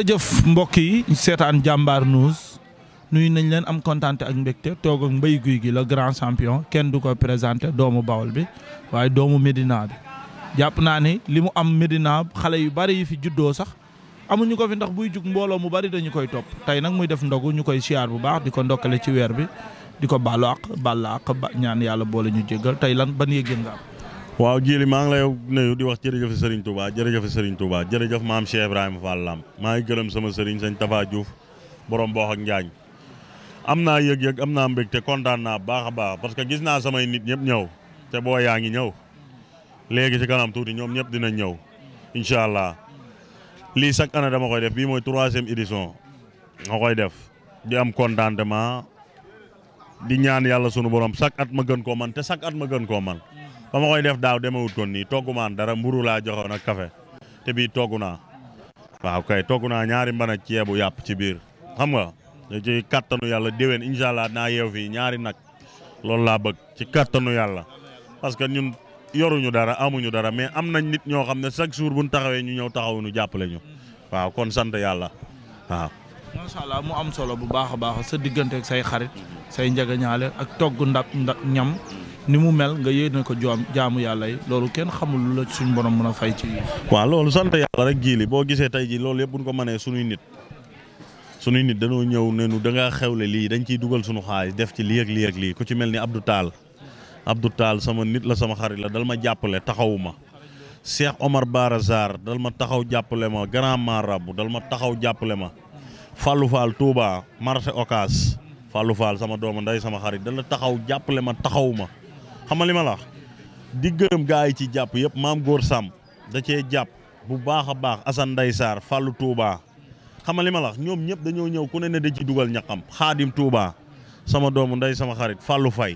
jërëjëf mbokk yi seetaan jàmbaar news nuyu nañ leen am kontaante ak mbégte toog ak Mbaye guy Gui la grand champion kenn du ko présenté doomu Bawol bi waaye doomu Medina bi jàpp naa ni li mu am Medina xale yu bari yi fi juddoo sax amuñu ko fi ndax buy jug mbooloo mu bari dañu koy topp tey nag muy def ndogu ñu koy siyaar bu baax di ko ndokkale ci weer bi di ko baalu àq bàlla àq ñaan yàlla boole ñu jéggal tey lan ba yëg nga am waaw jili maa ngi lay nuyu di wax jërëjëf Serigne Touba jërëjëf Serigne Touba jërëjëf maam Cheikh Ibrahima Fall Lamp maa ngi gërëm sama Serigne Sëñ Tafa Diouf borom boox ak Njaañ am naa yëg-yëg am naa te kontaan naa baax a baax parce que gis naa samay nit ñëpp ñëw te boo yaa ngi ñëw léegi ci kanam tuuti ñoom ñëpp dina ñëw incha allah lii chaque année dama koy def bii mooy troisième édition ma koy def di am contentement di ñaan yàlla sunu borom sak at ma gën koo man te chaque at ma koo man ba ma koy def daaw demewut kon nii toggumaan dara mburu laa joxoon ak café te bii togg naa waaw kay togg naa ñaari mban ceebu yàpp ci biir xam nga ci kattanu yàlla déwén incha allah naa yeew fii ñaari nag loolu laa bëgg ci kattanu yàlla parce que ñun yoruñu dara amuñu dara mais am nañ nit ñoo xam ne chaque jour bu ñu taxawee ñu ñëw taxawu nu jàppale ñu waaw kon sant yàlla waaw. mu am solo bu baax a baax sa diggante ak say xarit say njagañaale ak togg ndab ñam. ni mu mel nga yéene ko joom jaamu yàlla yi loolu kenn xamul lu la suñ borom mën a fay ci waa loolu sant yàlla rek jii li boo gisee tey ji loolu yëpp buñ ko mënee sunuy nit suñuy nit dañoo ñëw nenu dangaa xewle lii dañ ciy dugal suñu xaalis def ci lii ak lii ak ku ci mel ni Abdou Tall Abdou Tall sama nit la sama xarit la dal ma jàppale taxawu ma Cheikh Omar Barazar dal ma taxaw jàppale ma Grand ràbbu dal ma taxaw jàppale ma Fallou Fall Touba marché Ocas Fallou sama doomu ndey sama xarit dal la taxaw jàppale ma taxawu ma xamal ma la di gërëm gaa yi ci jàpp yëpp maam góor Sam da cee jàpp bu baax a baax Assane Nday Sarr Fallou Touba xamal ma la ñoom ñëpp dañoo ñëw ku ne ne da ci dugal ñaqam xaadim Touba sama doomu nday sama xarit fàllu Faye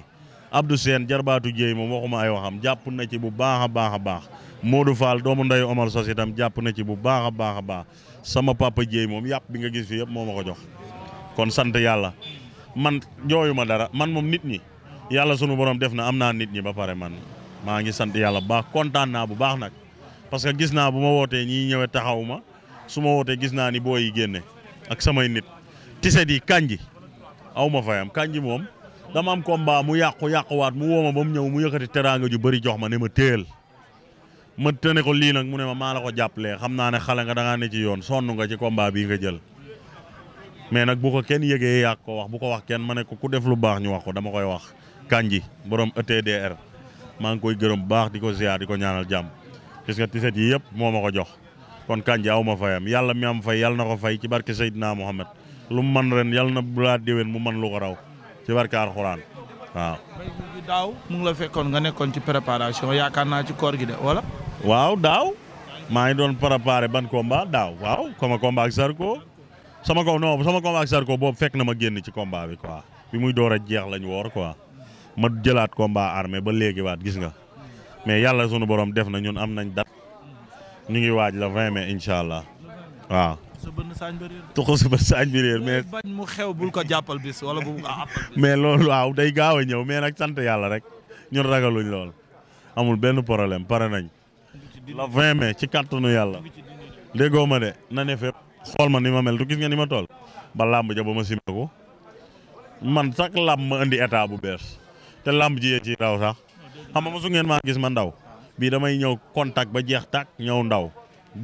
Abdou Seen jarbaatu jéey moom waxuma ay waxam jàpp na ci bu baax a baax a baax Modou Fall doomu nday Omar Sos itam jàpp na ci bu baax a baax a baax sama papa jéey moom yàpp bi nga gis fi yëpp moo ma ko jox kon sant yàlla man jooyu dara moom nit ñi yàlla sunu borom def na am naa nit ñi ba pare man maa ngi sant yàlla bu baax kontaan naa bu baax nag parce que gis naa bu ma wootee ñii ñëwee taxaw ma su ma wootee gis naa ni booy yi génne ak samay nit tiset yi kanji aw ma fayam kanji moom dama am combat mu yàqu yàquwaat mu woo ma ba mu ñëw mu yëkkati teraanga ju bëri jox ma ne ma téel ma tëne ko lii nag mu ne ma maa la ko jàppalee xam naa ne xale nga da ne ci yoon sonn nga ci combat bii nga jël mais nag bu ko kenn yëgee yàq ko wax bu ko wax kenn ma ne ko ku def lu ko dama koy wax Kanji borom ETDR maa ngi koy gërëm bu baax di ko ziar di ko ñaanal jàmm gis nga tiset yi yëpp moo ma ko jox kon Kanji aw ma fayam yàlla mi am fay yàlla na ko fay ci barke Seydina Mohamed lu mu man ren yàlla na bulaa déwén mu man lu ko raw ci barke Alxuraan waaw. daaw mu ngi la fekkoon nga nekkoon ci préparation yaakaar naa ci koor gi de wala. waaw daaw maa ngi doon préparé ban combat daaw waaw sama combat ak Zarko sama ko non sama combat ak boobu fekk na ma génn ci combat bi quoi bi muy door a ma jëlaat ko combat armé ba léegi waat gis nga mais yàlla sunu borom def na ñun am nañ dat ñu ngi waaj la 20 mai incha allah waaw. tuxu sa bët saañ bi réer mais. xew bul ko jàppal bis wala bu mais loolu waaw day gaaw a ñëw mais nag sant yàlla rek ñun ragaluñ lool amul benn problème pare nañ. la 20 mai ci kàttanu yàlla. déggoo ma de na ne fépp xool ma ni ma mel du gis nga ni ma toll. ba làmb ja ba ma simé ko man sax làmb ma indi état bu bees. te lamb ji ci raw sax xam nga mosu ngeen maa gis ma ndaw bii damay ñëw contact ba jeex tàkk ñëw ndaw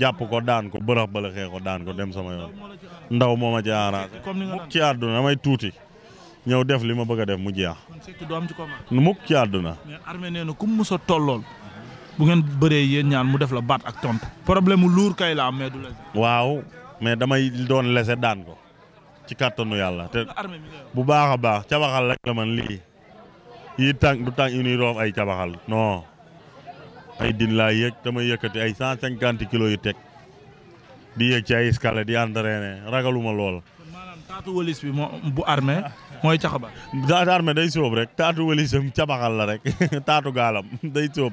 jàpp ko daan ko bërax bëlaxee ko daan ko dem sama yoon ndaw moo ma ci arrangé mukk ci àdduna damay tuuti ñëw def li ma bëgg a def mu jeex mukk ci àdduna mais armée nee na tollool bu ngeen bëree yéen ñaan mu def la baat ak tont problème mu luur kay la am mais du lese waaw mais damay doon lese daan ko ci kàttanu yàlla te bu baax a baax ca waxal la man lii yii tànk du tànk yu ñuy roof ay cabaxal non ay din laa yëg yëkkati ay cent cinquante kilos yu teg di yëg ci ay escalier di entraîné ragaluma lool. maanaam taatu wëlis bi mooy bu armé mooy caxabal. taatu armé day sóob rek taatu wëlisam cabaxal la rek taatu gaalam day sóob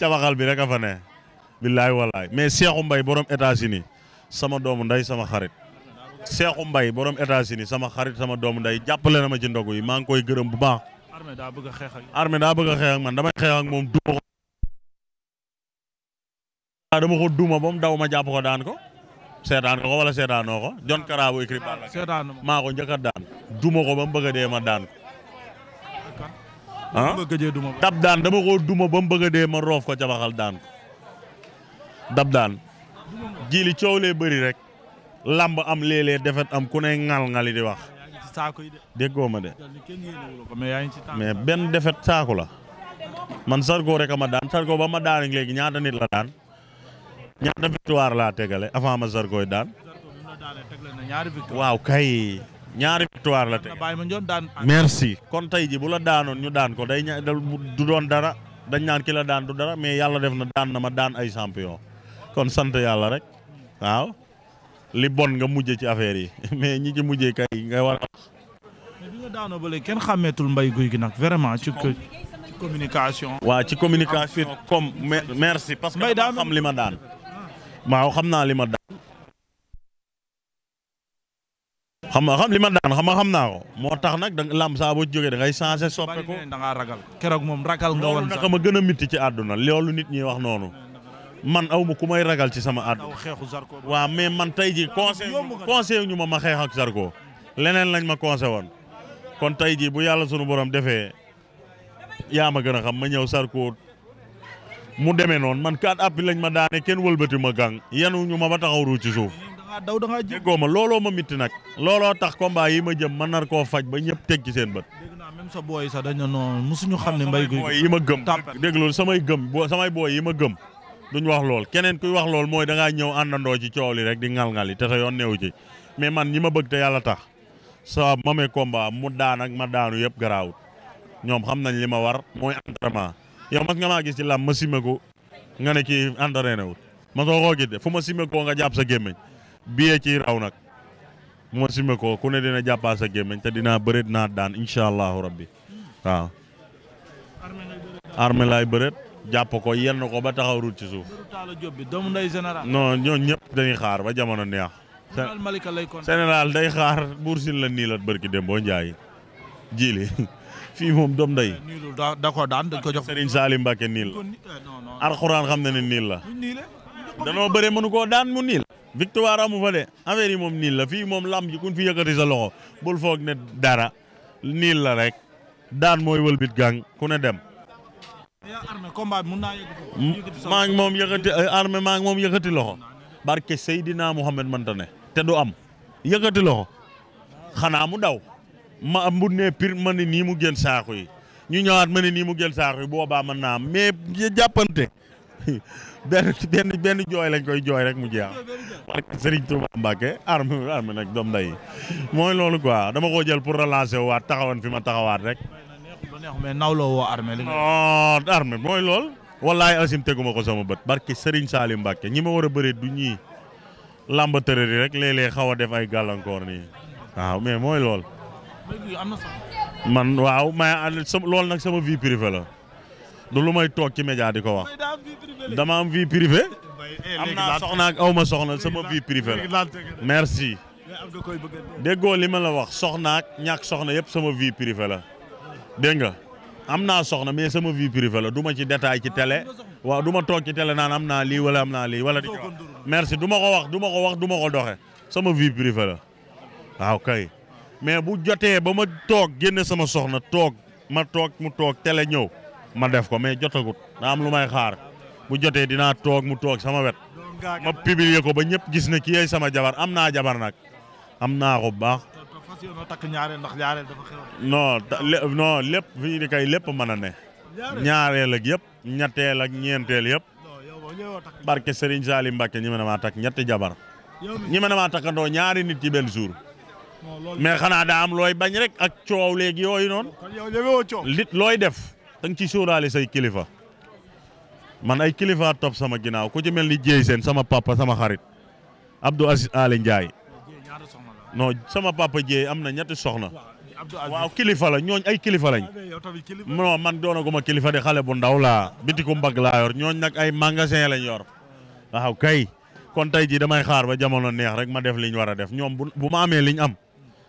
cabaxal bi rek a fa ne. billaay walaay mais Seexu Mbay borom état unis sama doomu nday sama xarit Seexu Mbay borom États-Unis sama xarit sama doomu nday jàppale na ma ci ndogu yi maa ngi armée daa bëgg a man damay xeex moom duma ko. dama ko duma ba mu daw ma jàpp ko daan ko. seetaan ko wala seetaanoo ko John Karabu écrit maa ko njëkk daan duma ko ba mu bëgg dee ma roof ko cabaxal daan dab daan jili coow lee bëri rek. lamb am léeg defet am ku ŋal-ŋali di wax. saako yi de. déggoo ma de. mais benn defet saako la. man Zarko rek a ma daan Zarko ba ma daan léegi ñaata nit la daan. ñaata victoire laa tegale avant ma Zarko yi daan. waaw kay. ñaari victoire la teg merci kon tey ji bu la daanoon ñu daan ko day ña du doon dara dañ naan ki la daan du dara mais yàlla def na daan na ma daan ay champion kon sant yàlla rek waaw li bon nga mujj ci affaire yi mais ñi ci mujjee kay nga war a. mais bi nga kenn xàmmeetul mbay guy gi nag vraiment ci communication. waa ci communication comme merci parce que maa xam li ma daan. waaw xam naa li ma daan. xam xam li ma daan xam nga xam naa ko moo tax nag da lamb saa boo jógee da ngay changé soppe ko. ragal keroog moom ragal nga woon sax. ma gën a mitti ci àdduna loolu nit ñi wax noonu. man aw ma ku may ragal ci sama àdduna. waaw mais man tey jii conseil conseil ñu ma ma xeex ak Zarko leneen lañ ma conseil woon kon tey jii bu yàlla sunu boroom defee yaa ma gën a xam ma ñëw Zarko mu demee noon man quatre appuis lañ ma daane kenn wëlbati ma gang yanu ñu ma ba taxaw ru ci suuf. daw da ngaa ma looloo ma mitti nag. looloo tax combat yi ma jëm ma nar koo faj ba ñëpp teg ci seen bët. dégg naa même sa booy sax dañ ne non xam ne mbay. yi ma gëm dégg loolu samay gëm samay booy yi ma gëm. duñ wax lool keneen kuy wax lool mooy da ñëw àndandoo ci coow li rek di ŋal-ŋal yi te sa yoon new ci mais man ñi ma bëgg te yàlla tax sa mame combat mu daanak ma daanu yëpp garaawut ñoom xam nañ li ma war mooy entraînement yow mas nga maa gis ci làmb ma simé nga ne kii entraîné wut ma soo koo de fu ma simé nga jàpp sa gémmiñ biyee ci raw nag bu ma simé ku ne dina jàppaa sa gémmiñ te dinaa bëreet naa daan incha allahu rabbi waaw armé laay bëreet jàpp ko yenn ko ba taxaw ruut ci suuf. doomu ndey général. non ñooñu ñëpp dañuy xaar ba jamono neex. général Malika lay kon général day xaar buur la nii la barki dem boo njaay jiili fii moom doom ndey. Eh, da ko daan dañ ko jox. Serigne Salim Mbacke niil eh, xam na ne niil la. danoo bëre mënu koo daan mu niil. victoire amu fa de affaire yi moom niil la fii moom lam ji kun fi yëkkati sa loxo bul foog ne dara niil la rek daan mooy wëlbit gang ku dem. maa ngi moom yëkkati euh, armée maa ngi moom yëkkati loxo barke Seydina Mouhamed manta ne te du am yëkkati loxo xanaa mu daw ma bu ne pir ma ne nii mu gën saako yi ñu ñëwaat ma ne nii mu gën saako yi boobaa mën naa am mais jàppante benn benn benn jooy lañ koy jooy rek mu jeex barke Serigne Touba Mbacke armée armée nag doom nday mooy loolu quoi dama koo jël pour relancer waat taxawan fi ma taxawaat rek lu neex mais nawloo woo armée li nga. Ah, mooy lool. wallaay asim teguma ko sama bët. barke Serigne Salim Mbacke ñi ma war a bëree du ñii lamba tërër rek léeg-léeg xaw a def ay gàllankoor nii. waaw mais mooy lool. man waaw ma ah, loolu nag sama vie privée la. du lu may toog ci média di ko wax. dama am vie privée. Eh, am naa soxna ak aw ma soxna sama vie privée la. merci. déggoo li ma la wax soxna ak soxna yëpp sama vie privée la. dégg nga am naa soxna mais sama vie privée la du ci détail ci tele waaw du ma toog ci télé naan am na lii wala am naa lii wala di ko merci du ma ko wax du ma ko wax du ma ko doxe sama vie privée la waaw kay mais bu jotee ba ma toog génne sama soxna toog ma toog mu toog télé ñëw ma def ko mais jotagut daa am lu may xaar bu jotee dinaa toog mu toog sama wet ma publier ko ba ñëpp gis ne kii ay sama jabar am naa jabar nag am naa ko baax fas takk ñaareel ndax lépp fi di kay lépp mën a ne. ñaareel ak yëpp ñetteel ak ñeenteel yëpp. barke Serigne Salim Mbacke ñi mën a maa ñetti jabar. ñi mën ma maa takkandoo ñaari nit ci benn jour. mais xanaa daa am looy bañ rek ak coow léegi yooyu noonu. looy def da nga ci sóoraale say kilifa. man ay kilifa topp sama ginnaaw ku ci mel ni jéey seen sama papa sama xarit Abdou Aziz Aly Ndiaye. no sama papa Dieye am na ñetti soxna. waaw kilifa la ñooñ ay kilifa lañ. Ah, non man doonaguma kilifa di xale bu ndaw laa bitiku mbag laa yor ñooñ nag ay magasin lañ yor. waaw kay kon tey jii damay xaar ba jamono neex rek ma def liñ war a def ñoom bu ma amee liñ am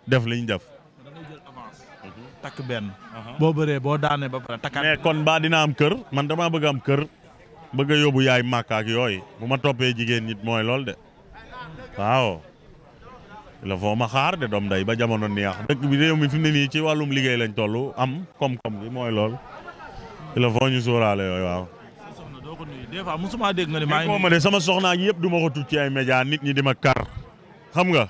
def liñ def. Mhm. takk benn. bëree boo daanee ba pare kon mbaa dina am kër man damaa bëgg am kër bëgg a yóbbu yaay màkk ak yooyu bu ma toppee jigéen ñit mooy lool de waaw. le foo ma xaar de doom day ba jamono neex dëkk bi réew mi fi mu nii ci wàllum liggéey lañ toll am koom-koom bi mooy lool le foo ñu sóoraale yooyu waaw. des fois musuma dégg nga ne maa ngi. ma de sama yëpp du ma ko tudd média nit ñi di ma kar xam nga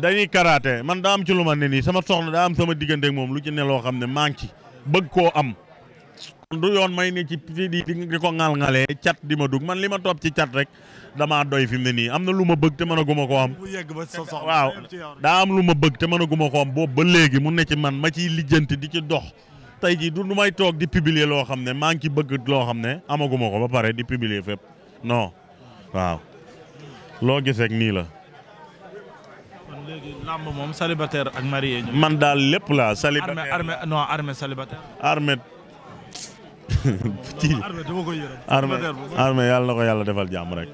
dañuy karaate man daa am ci lu ma ne nii sama soxna daa am sama diggante moom lu ci ne loo xam ne maa ngi ci bëgg koo am. du yoon may ne ci di di ko ŋal-ŋalee cat di ma dugg man li ma toog ci cat rek damaa doy fi mu nii am na lu ma bëgg te mën a guma ko am am lu ma bëgg te mën a ko am boobu ba léegi mu ne ci man ma ciy lijjanti di ci dox tey jii du may toog di pibile loo xam ne maa ngi ci bëgg loo xam ne amaguma ko ba pare di publier fépp non waaw loo gis nii la léegi làmb moom célibataire ak marié man daal lépp la célibataire armée ci armée yàlla na ko yàlla defal jàmm rek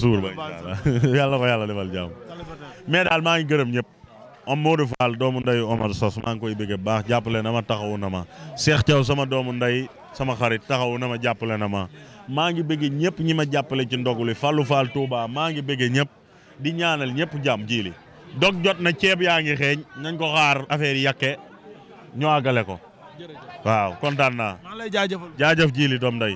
suur ba inshallah yàlla na ko yàlla defal jàmm mais daal maa ngi gërëm ñëpp am Modou Fall doomu ndeyu Omar Sos maa ngi koy bëgg baax jàppale na ma taxawu na ma Cheikh Thiaw sama doomu ndey sama xarit taxawu na ma jàppale na ma maa ngi bëgg ñëpp ñi ma jàppale ci ndogu li Fallou Fall maa ngi bëgg ñëpp di ñaanal ñëpp jàmm jiili dog jot na ceeb yaa ngi xeeñ nañ ko xaar affaire yi yàqe ñu àggale ko waaw kontaan naa. maa lay jaajëfal jaajëf ji li doom day